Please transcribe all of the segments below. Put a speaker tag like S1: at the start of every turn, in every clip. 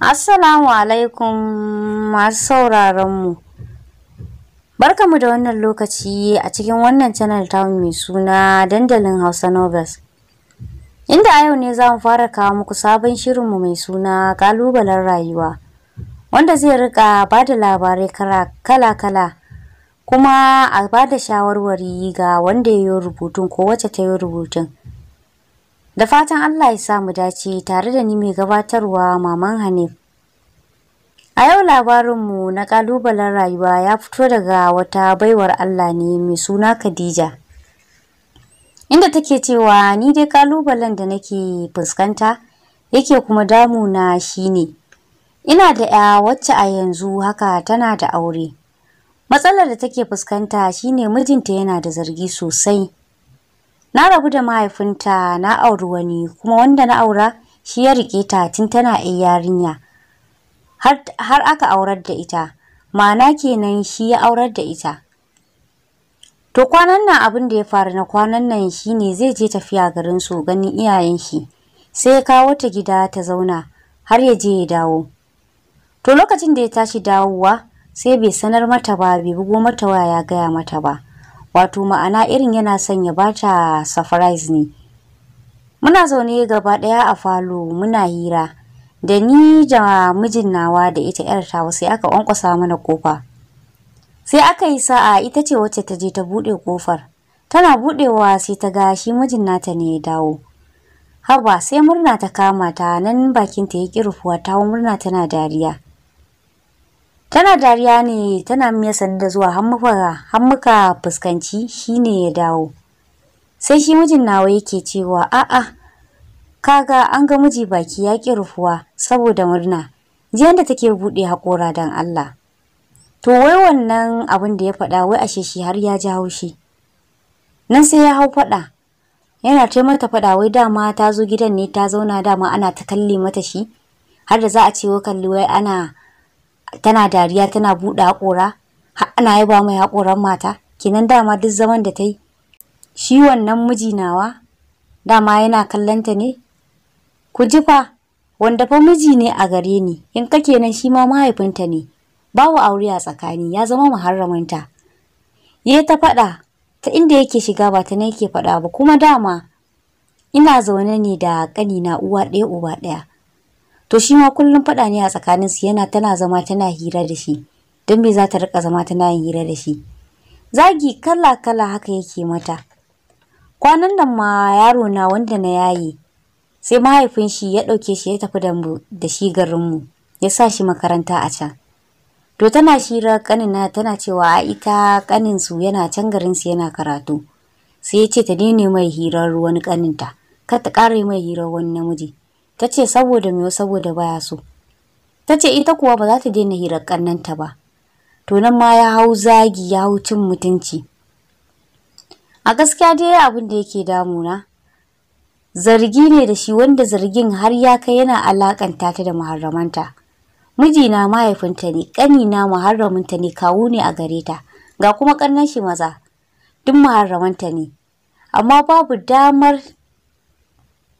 S1: Assalamu alaikum masu sauraron mu. Barkamu da wannan lokaci a cikin wannan channel tamu mai suna dandalin Hausa Novels. Inda a yau ne za mu fara kawo muku sabon shirin mu mai suna ƙalubalen rayuwa, wanda zai rika ba da labarai kala-kala kuma a ba da shawarwari ga wanda ya yi rubutun ko wacce ta yi rubutun. Da fatan Allah ya sa mu dace tare da ni mai gabatarwa Maman Hanif. A yau mu na ƙalubalen rayuwa ya fito daga wata baiwar Allah ne mai suna Khadija. Inda take cewa ni dai ƙalubalen da nake fuskanta yake kuma damu damuna shine ina da ya wacce a yanzu haka tana da aure. Matsalar da take fuskanta shine mijinta yana da zargi sosai. Na rabu da mahaifinta na auri wani kuma wanda na aura shi ya rike ta tun tana ɗan yarinya. Har aka aurar da ita, ma'ana kenan shi ya aurar da ita. To kwanan nan abin da ya faru na kwanan nan shi ne zai je tafiya garin su ganin iyayen shi, sai ya kawo ta gida ta zauna har ya je ya dawo. To lokacin da ya tashi dawowa sai bai sanar mata ba bai bugo mata waya ya gaya mata ba. wato ma'ana irin yana sanya bata surprise ne muna zaune gaba ɗaya a falo muna hira da ni da mijin nawa da ita yar ta sai aka kwankwasa mana kofa sai aka yi sa'a ita ce wacce ta je ta buɗe kofar tana buɗewa sai ta ga shi mijin nata ne ya dawo haba sai murna ta kama ta nan bakin ta ya kirfuwa ta murna tana dariya tana dariya ne tana miya sanda zuwa har fuskanci shi ne ya dawo sai shi mijin nawa yake cewa a'a kaga an ga miji baki ya ki rufuwa saboda murna ji da take buɗe haƙora don Allah to wai wannan abin da ya faɗa wai ashe shi har ya ja haushi nan sai ya hau faɗa yana ce mata faɗa wai dama ta zo gidan ne ta zauna dama ana ta kalle mata shi har da za a ce wa kalli wai ana tana dariya tana buɗe haƙora ana yaba mai haƙoran mata kenan dama duk zaman da ta yi shi wannan miji nawa dama yana kallanta ne ku ji fa wanda fa miji ne a gare ni in ka kenan shi ma mahaifinta ne babu aure a tsakani ya zama muharraminta ya ta faɗa ta inda yake shiga ba ta ne yake faɗa ba kuma dama ina zaune ne da na uwa ɗaya uba ɗaya to shi ma kullum faɗa ne a tsakaninsu yana tana zama tana hira da shi don me za ta riƙa zama tana yin hira da shi zagi kala kala haka yake mata kwanan nan ma yaro na wanda na yayi sai mahaifin shi ya ɗauke shi ya tafi da mu da shi garinmu ya sa shi makaranta a can To tana shira na tana cewa a ita su yana can garinsu yana karatu. Sai ya ce ta daina mai hirar wani kaninta, kar ta ƙara mai hirar wani namiji. ta ce saboda me saboda baya so ta ce ita kuwa ba za ta daina hirar ƙannanta ba to nan ma ya hau zagi ya hau cin mutunci a gaskiya dai abin da yake damuna zargi ne da shi wanda zargin har ya kai yana alakanta ta da muharramanta mijina mahaifinta ne ƙanina muharraminta ne kawu ne a gare ta ga kuma ƙannan shi maza duk muharramanta ne amma babu damar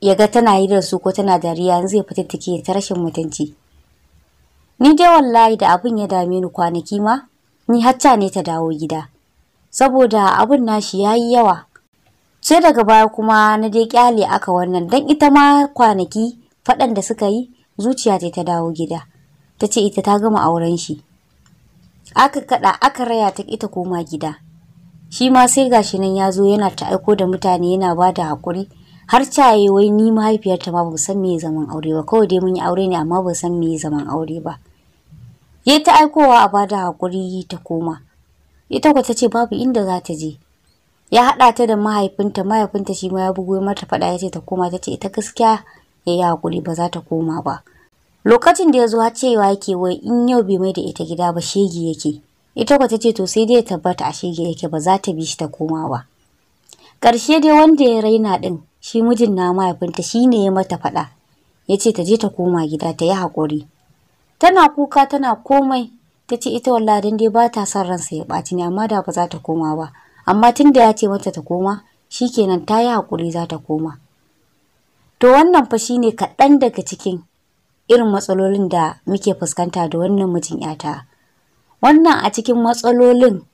S1: ya ga tana yi da su ko tana dariya zai fita take ta rashin mutunci ni dai wallahi da abin ya dame ni kwanaki ma ni hatta ne ta dawo gida saboda abin nashi yayi yawa sai daga baya kuma na dai kyale aka wannan dan ita ma kwanaki faɗan da suka yi zuciya ce ta dawo gida ta ce ita ta gama auren shi aka kada aka raya ta ita koma gida shi ma sai gashi nan ya zo yana ta aiko da mutane yana ba da haƙuri har ta yi wai ni mahaifiyarta ma ba san me zaman aure ba kawai dai mun yi aure ne amma ba san me zaman aure ba ya ta aikowa a bada hakuri ta koma ita ko ta ce babu inda za ta je ya haɗata ta da mahaifinta mahaifinta shi ma ya bugo mata faɗa ya ce ta koma ta ce ita gaskiya ya yi hakuri ba za ta koma ba lokacin da ya zo har cewa yake wai in yau bai mai da ita gida ba shege yake ita ko ta ce to sai dai ya tabbata a shege yake ba za ta bi shi ta koma ba Karshe dai wanda ya raina din. shi mijin na mahaifinta shi ne ya mata faɗa ya ce ta je ta koma gida ta yi haƙuri tana kuka tana komai ta ce ita wallahi dan dai ba ta son ransa ya ɓaci ne amma da ba za ta koma ba amma tun da ya ce mata ta koma shi kenan ta yi haƙuri za ta koma to wannan fa shi ne kaɗan daga cikin irin matsalolin da muke fuskanta da wannan mijin yata wannan a cikin matsalolin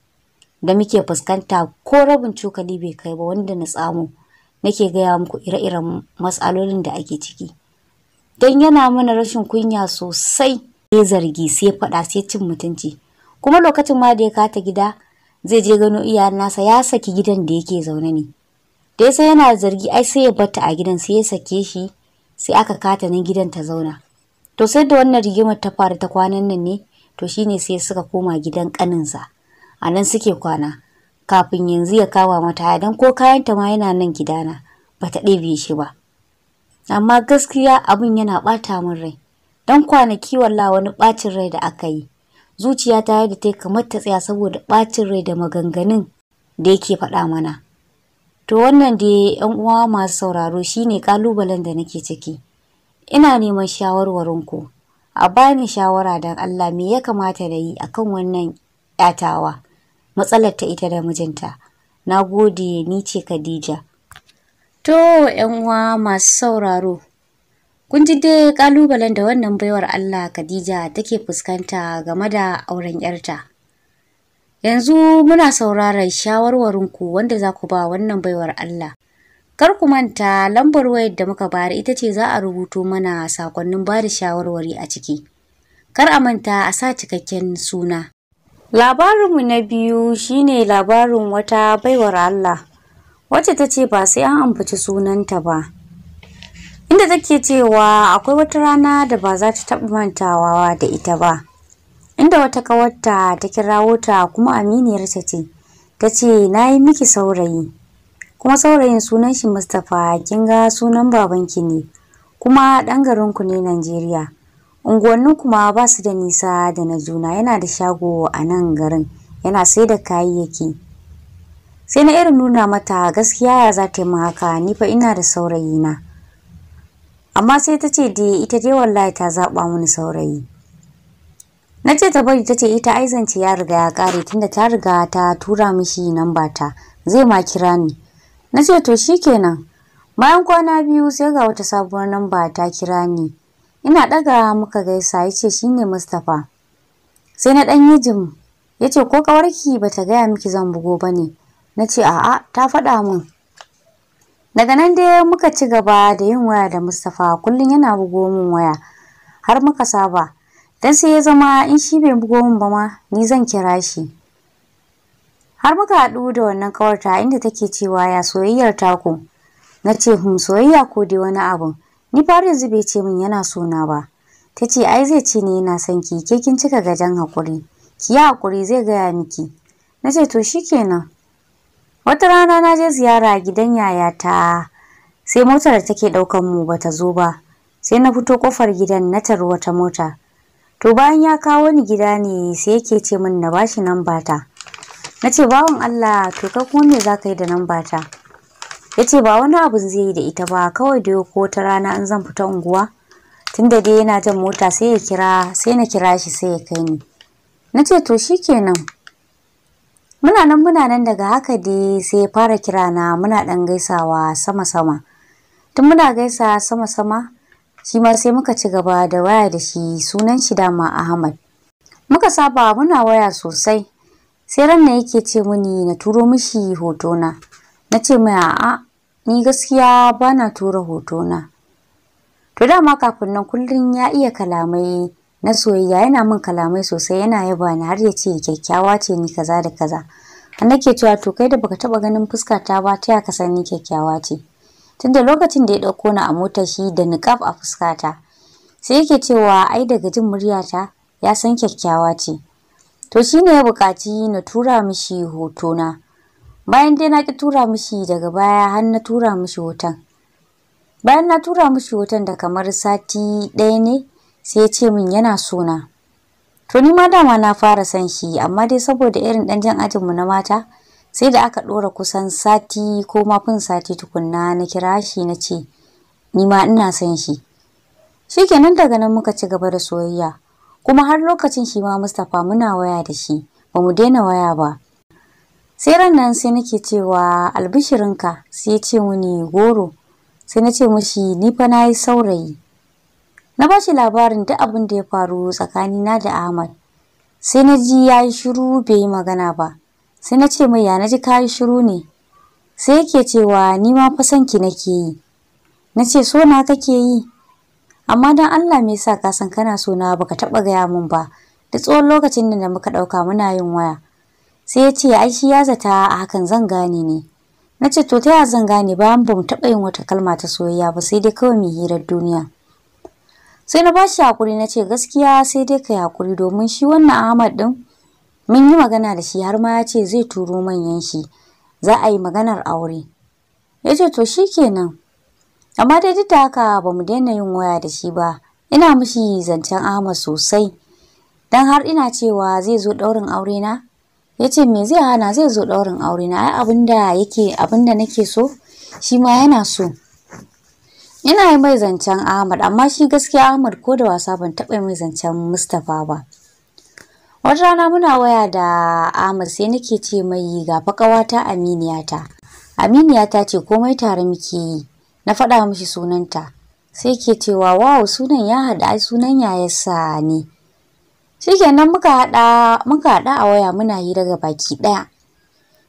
S1: da muke fuskanta ko rabin cokali bai kai ba wanda na tsamo nake gaya muku ire-iren matsalolin da ake ciki don yana mana rashin kunya sosai sai zargi sai faɗa sai cin mutunci kuma lokacin ma da ya kata gida zai je gano iyayen nasa ya saki gidan da yake zaune ne da ya yana zargi ai sai ya batta a gidan sai ya sake shi sai aka kata nan gidan ta zauna to sai da wannan rigimar ta faru ta kwanan nan ne to shine sai suka koma gidan kaninsa a nan suke kwana kafin yanzu ya kawa mata don ko kayanta ma yana nan gidana ba ta ɗebe shi ba amma gaskiya abin yana ɓata min rai don kwanaki walla wani ɓacin rai da aka yi zuciya ta yadda ta kamar ta tsaya saboda ɓacin rai da maganganun da yake faɗa mana to wannan da yan uwa masu sauraro shine ƙalubalen da nake ciki ina neman shawarwarinku a bani shawara don Allah me ya kamata da yi akan wannan yatawa matsalar ta ita da mijinta na gode ni ce Khadija to ƴan uwa masu sauraro kun ji dai kalubalen da wannan baiwar Allah Khadija take fuskanta game da auren yarta yanzu muna sauraron shawarwarinku wanda za ku ba wannan baiwar Allah kar ku manta lambar wayar da muka bayar ita ce za a rubuto mana sakonnin bada shawarwari a ciki kar a manta a sa cikakken suna Labarinmu na biyu shine labarin wata baiwar Allah wacce ta ce ba sai an ambaci sunanta ba. Inda take cewa akwai wata rana da ba za ta taɓa mantawa da ita ba. Inda wata kawarta ta kirawo ta kuma aminiyarta ce, ta ce na yi miki saurayi. Kuma saurayin sunan shi Mustapha kin ga sunan babanki ne, kuma ɗan garinku ne Najeriya. unguwannin kuma ba su da nisa da na juna yana da shago a nan garin yana sai da kayayyaki sai na irin nuna mata gaskiya ya za ta yi haka ni fa ina da saurayi na amma sai ta ce dai ita dai wallahi ta zaɓa mini saurayi na ce ta bari ta ce ita aizance ya riga ya ƙare tunda ta riga ta tura mishi nan ta zai ma kira ni na ce to shikenan bayan kwana biyu sai ga wata sabuwar namba ta kira ni ina ɗaga muka gaisa yace shine mustapha sai na ɗan yijin yace ko ƙawarki bata ta gaya miki zan bugo ba ne na ce a'a ta faɗa min daga nan dai muka ci gaba da yin waya da mustapha kullum yana bugo min waya har muka saba dan sai ya zama in shi bai bugo min ba ma ni zan kira shi har muka haɗu da wannan kawarta inda take cewa ya soyayyar taku na ce hum soyayya ko dai wani abu. Ni farizu yanzu bai ce min yana so ba. Ta ce ai zai ce ne yana son ki ke kin cika gajen hakuri. Ki yi hakuri zai gaya miki. Na ce to shikenan. Wata rana na je ziyara gidan gidan yayata sai motar da take ɗaukar mu bata zo ba. Sai na fito kofar gidan na taro wata mota. To bayan ya kawo ni gida ne sai yake ce min na bashi nan ta. nace bawon Allah to ka ne za yi da nan ta. ya ce ba wani abu zai yi da ita ba kawai da ko ta rana in zan fita unguwa tunda dai yana jan mota sai ya kira sai na kira shi sai ya kai ni na ce to kenan. muna nan muna nan daga haka dai sai ya fara kira na muna dan gaisawa sama sama tun muna gaisa sama sama shi ma sai muka ci gaba da waya da shi sunan shi dama Ahmad muka saba muna waya sosai sai ran na yake ce muni na turo mishi hotona na ce mai a'a ni gaskiya bana tura hotona to dama kafin nan kullun ya iya kalamai na soyayya yana min kalamai sosai yana yaba ni har ya ce kyakkyawa ce ni kaza da kaza A nake cewa to kai da baka taba ganin fuska ta ba ta ya kasan ni kyakkyawa ce tunda lokacin da ya dauko ni a mota shi da niqab a fuska ta sai yake cewa ai daga jin muryata ya san kyakkyawa ce to shine ya bukaci na tura mishi hotona bayan dai na ki tura mishi daga baya har na tura mishi hoton bayan na tura mishi hoton da kamar sati ɗaya ne sai ya ce min yana sona to ni ma dama na fara san shi amma dai saboda irin ɗan jan ajinmu na mata sai da aka ɗora kusan sati ko mafin sati tukunna na kira shi na ce ni ma ina san shi shikenan daga nan muka ci gaba da soyayya kuma har lokacin shi ma Mustapha muna waya da shi ba mu daina waya ba sai ran nan sai nake cewa albishirinka sai ya ce mini goro sai na ce mushi ni fa na yi saurayi na ba shi labarin duk abin da ya faru tsakani na da ahmad sai na ji ya yi shiru bai yi magana ba sai na ce mai ya na ji ka yi shiru ne sai yake cewa ni ma fa son ki nake yi na ce so na kake yi amma dan Allah me yasa ka san kana so na baka taba gaya min ba da tsawon lokacin da muka dauka muna yin waya sai ya ce ai shi ya zata a hakan zan gane ne na ce to ta ya zan gane ba, ba mu taɓa yin wata kalma ta soyayya ba sai dai kawai mai hirar duniya sai na bashi hakuri na ce gaskiya sai dai ka hakuri domin shi wannan Ahmad din mun yi magana da shi har ma ya ce zai turo manyan shi za a yi maganar aure ya ce to shi kenan amma dai duk da haka ba mu daina yin waya da shi ba ina mishi zancen Ahmad sosai dan har ina cewa zai zo daurin aure na ya ce me zai hana zai zo daurin aure na ai abin da yake abin nake so shi ma yana so ina yi mai zancen ahmad amma shi gaskiya ahmad ko da wasa ban taɓa mai zancen mustapha ba wata rana muna waya da ahmad sai nake ce mai ga fa ƙawata aminiyata aminiyata ce komai tare muke yi na faɗa mishi sunanta sai ke cewa wow sunan ya hada sunan yayarsa ne shikenan muka hada muka haɗa a waya muna hira ga baki ɗaya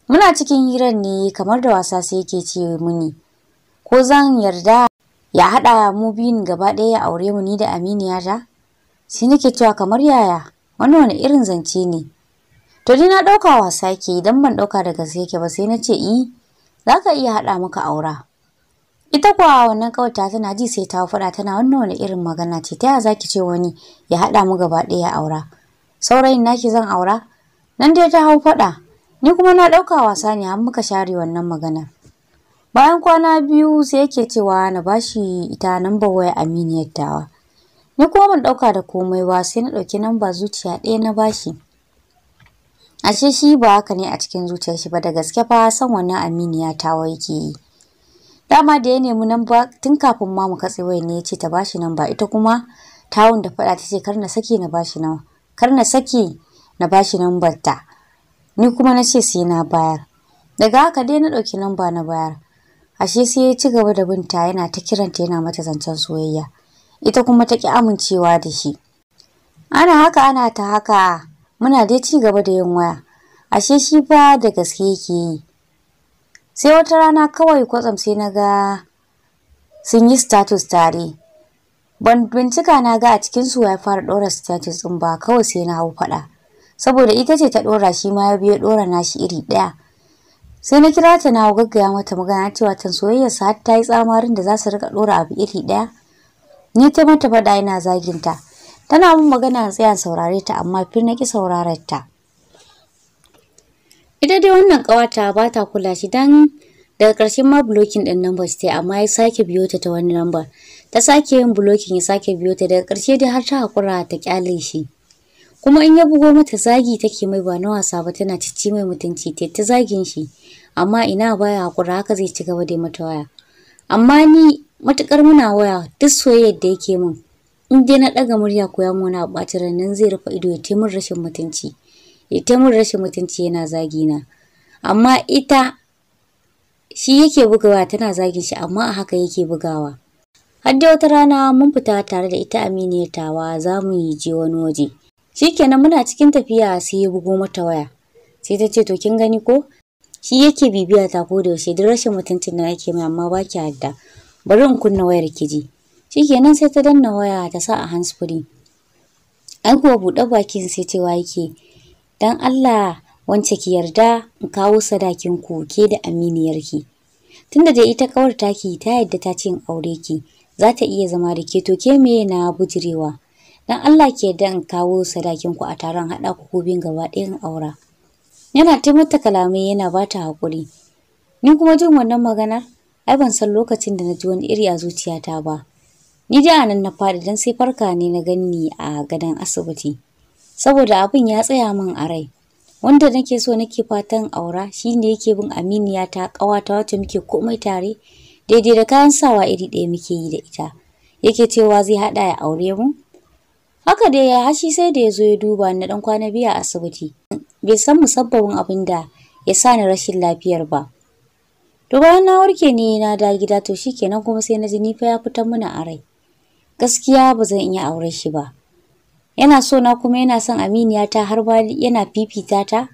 S1: muna cikin hirar ne kamar da wasa sai yake ce muni ko zan yarda ya haɗa mu biyun gaba ɗaya ya aure mu ni da aminiya ta sai nake cewa kamar yaya wannan wani irin zance ne to ni na ɗauka wasa ke idan ban ɗauka daga sai yake ba sai na ce i eh, zaka iya haɗa muka aura Ita kuwa wannan ta tana ji sai ta fada tana wannan wani irin magana ce ta yaya zaki ce wani ya haɗa mu gaba ɗaya ya aura. Saurayin naki zan aura? Nan dai ta hau faɗa. Ni kuma na ɗauka wasa ne har muka share wannan magana. Bayan kwana biyu sai yake cewa na bashi ita namba waya aminiyar tawa. Ni kuma ban ɗauka da komai ba sai na ɗauki namba zuciya ɗaya na bashi. Ashe shi ba haka ne a cikin zuciyar shi ba da gaske fa san wannan aminiya tawa yake yi. dama da ya nemi namba tun kafin ma mu katse wayar ne ya ta bashi namba ita kuma tawun da faɗa tace kar na saki na bashi nan kar na saki na bashi ta ni kuma na ce sai na bayar daga haka dai na ɗauki namba na bayar ashe sai ya ci gaba da binta yana ta kiranta yana mata zancen soyayya ita kuma ta ki amincewa da shi ana haka ana ta haka muna dai ci gaba da yin waya ashe shi fa da gaske yake yi sai wata rana kawai kwatsam sai na ga sun yi status tare ban bincika na ga a cikin su ya fara ɗora status din ba kawai sai na hau faɗa saboda ita ce ta ɗora shi ma ya biyo na shi iri ɗaya sai na kira ta na gaggaya mata magana cewa tan soyayya sa ta yi tsamarin da za su rika ɗora abu iri ɗaya ni ta mata faɗa ina zaginta tana mun magana in tsaya saurare ta amma fir na ki saurarar ta ita dai wannan ƙawata ba ta kula shi dan daga ƙarshen ma blocking ɗin number ta amma ya sake biyo ta ta wani number ta sake yin blocking ya sake biyo ta daga ƙarshe dai har ta haƙura ta ƙyale shi kuma in ya bugo mata zagi take mai ba na wasa ba tana cici mai mutunci ta ta zagin shi amma ina baya haƙura haka zai ci gaba da mata waya amma ni matuƙar muna waya duk soyayyar da yake min in dai na ɗaga murya ko ya muna ɓata nan zai rufe ido ya taimun rashin mutunci ita mun rashin mutunci yana zagi na amma ita shi yake bugawa tana zagin shi amma a haka yake bugawa har da wata rana mun fita tare da ita aminiyar tawa za mu yi je wani waje shikenan muna cikin tafiya sai ya bugo mata waya sai ta ce to kin gani ko shi yake bibiya ta ko da yaushe duk rashin mutuncin da yake mai amma ba ki hadda bari in kunna wayar kiji. ji shikenan sai ta danna waya ta sa a hands free kuwa buɗe bakin sai cewa yake Dan Allah wance ki yarda in kawo sadakin ku ke da aminiyarki. Tunda da ita kawar taki ta yadda ta ce in aure ki, za ta iya zama da ke to ke me na bujirewa. Dan Allah ki yarda in kawo sadakin ku a taron haɗa ku ko bin gaba ɗayan aura. Yana ta mata kalamai yana ba ta haƙuri. Ni kuma jin wannan magana. ai ban san lokacin da na ji wani iri a zuciyata ba. Ni da anan na faɗi don sai farka ne na ganni a gadon asibiti. saboda abin ya tsaya min a rai. Wanda nake so nake fatan aura shine yake bin aminiya ta ƙawata wacce muke komai tare daidai da kayan sawa iri ɗaya muke yi da ita. Yake cewa zai haɗa ya aure mu? Haka dai ya hashi sai da ya zo ya duba na ɗan kwana biyu a asibiti. Bai san musabbabin abin da ya sa ni rashin lafiyar ba. To bayan na warke ne na da gida to shikenan kuma sai na ji ni fa ya fitar mana a rai. Gaskiya ba zan iya aure shi ba. yana so na kuma yana son aminiya ta har ba yana fifita ta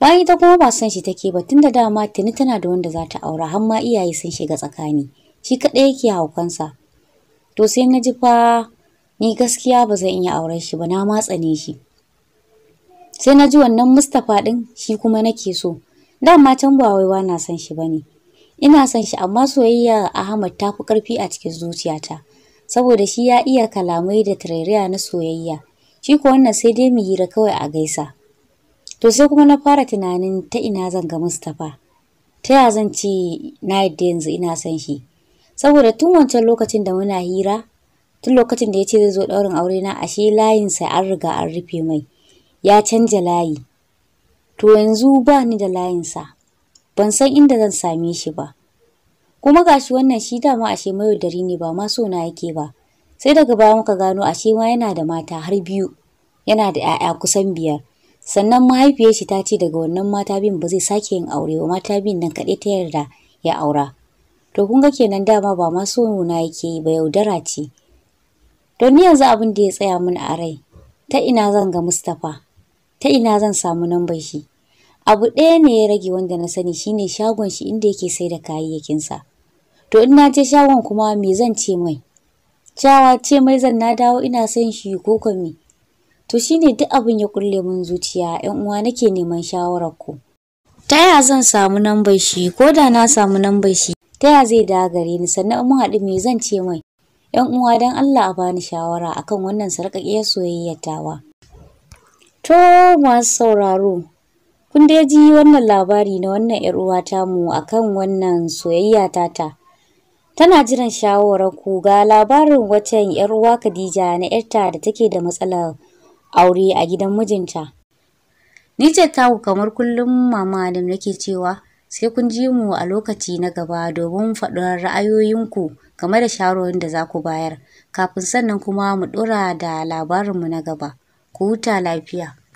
S1: bayan ita kuma ba san shi take ba tun da dama tuni tana da wanda za ta aura har ma iyaye sun shiga tsakani shi kaɗai yake haukansa to sai na ji fa ni gaskiya ba zan iya aure shi ba na matsane shi sai na ji wannan Mustapha ɗin shi kuma nake so dama can ba wai na san shi bane ina san shi amma soyayya Ahmad ta fi ƙarfi a cikin zuciyata saboda shi ya iya kalamai da tarayya na soyayya Shi ko wannan sai dai mu hira kawai a gaisa. To sai kuma na fara tunanin ta ina zan ga Mustapha. Ta ya zan ce na yadda yanzu ina san shi. Saboda tun wancan lokacin da muna hira, tun lokacin da ya ce zai zo ɗaurin aure na ashe layin layinsa an riga an rufe mai. Ya canja layi. To yanzu ba ni da sa Ban san inda zan same shi ba. Kuma gashi wannan shi dama ashe mayaudari ne ba ma so na yake ba. Sai daga baya muka gano ashe ma yana da mata har biyu. yana da 'ya'ya kusan biyar sannan mahaifiyar shi ta ce daga wannan mata biyun ba zai sake yin aure ba mata biyun nan kaɗai ta yarda ya aura to kun ga kenan dama ba ma so nuna yake yi ba yaudara ce don ni yanzu abin da ya tsaya min a rai ta ina zan ga Mustapha ta ina zan samu nambar shi abu ɗaya ne ya rage wanda na sani shine shagon shi inda yake sai da kayayyakinsa to in na je shagon kuma me zan ce mai Cawa ce mai zan na dawo ina son shi ko kwami to shine duk abin ya kulle min zuciya 'yan uwa nake neman shawarar ku ta ya zan samu nambar shi ko da na samu nambar shi ta ya zai dawo gare ni sannan mun haɗu me zan ce mai ƴan uwa dan Allah a bani shawara akan wannan sarƙaƙiyar soyayyar tawa to masu sauraro kun dai ji wannan labari na wannan ƴar uwa mu akan wannan soyayya ta ta tana jiran shawarar ku ga labarin waccan 'yar uwa Khadija na 'yarta da take da matsalar aure a gidan mijinta. Ni ce taku kamar kullum mama da nake cewa sai kun ji mu a lokaci na gaba domin faɗin ra'ayoyinku game da shawarwarin da za ku bayar kafin sannan kuma mu ɗora da labarinmu na gaba. Ku huta lafiya.